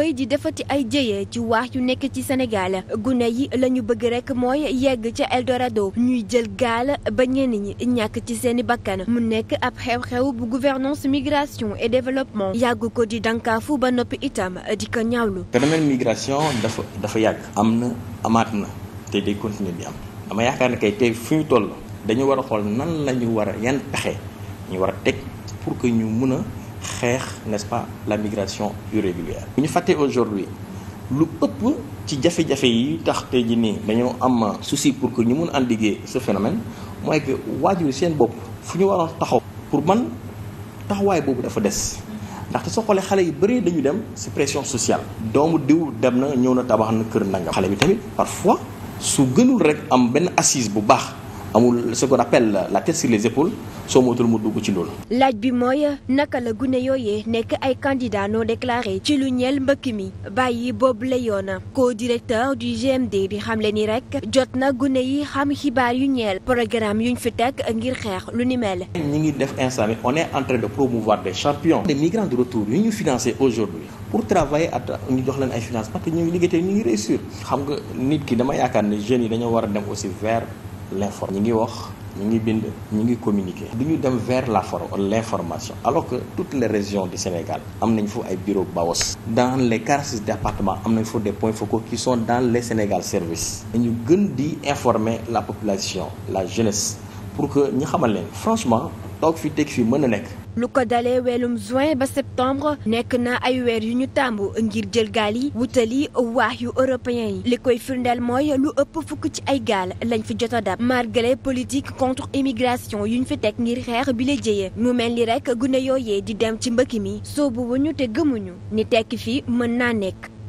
wéy di defati ay jëyee ci waax yu nekk ci Sénégal gune yi la ñu bëgg rekk mooy yegg ca Eldorado ñuy jël gaal ba ñenn ñi ñàkk ci seeni bakkan mu nekk ab xew-xew bu gouvernance migration et développement yàgg ko di dankaafu ba noppi itam di ko ñaawlu. phénomène migration dafa dafa yàgg. am na amaat na te day continuer di am dama yaakaar ne kay tey fu ñu toll dañu war a xool nan la ñu war a yan pexe ñu war teg pour que ñu mën a. xeex n'est-ce pas la migration irrégulière bu ñu fàttee aujourd'hui lu ëpp ci jafe-jafe yi tax tey ji nii dañoo am souci pour que ñu mun a liggéey ce phénomène mooy que waajur seen bopp fu ñu waroon taxaw pour man taxawaay boobu dafa des ndaxte soo xoolee xale yu bëri dañu dem si pression sociale doomu diw dem na ñëw na tabax na kër nangam xale bi tamit parfois su gënul rek am benn assise bu baax amul ce qu'on la tête sur les épaules soo moytul mu dugg ci loolu. laaj bi mooy naka la gune yooye nekk ay candidats non déclarés ci lu ñeel mbëkk mi bàyyi boobu la yoon co-directeur du GMD di xamle ni rek jot na gune yi xam xibaar yu ñeel programme yuñ fi teg ngir xeex lu ni mel. ñi ngi def instant bi on est en train de promouvoir des champions. des migrants de retour yu ñu financé aujourd'hui pour travailler at ñu jox leen ay finance parce que ñu ngi liggéey te ñu ngi réussir. xam nga nit ki dama yaakaar ne jeunes yi dañoo war a dem aussi vers l'informel. ñi ngi wax. ñu ngi bind ñu ngi communiquer. du ñu dem vers la for l'information alors que toutes les régions du Sénégal am nañ foofu ay bureau BAOS. dans les quarante-six départements am nañ foofu des points focaux qui sont dans les Sénégal service dañu gën di informer la population la jeunesse pour que ñu xamal leen franchement toog fi teg fi mën a nekk. lu ko dalee welum juin ba septembre nekk na ay weer yu ñu tàmbu ngir jël gaal yi wutali waax yu européen yi li koy firndeel mooy lu ëpp fukk ci ay gaal lañ fi jot a dab malgré politique contre yu ñu fi teg ngir xeex bi la jëyee mu mel ni rek gune yooyee di dem ci mbëkk mi soobu ñu te gëmuñu ni tekk fi mën naa nekk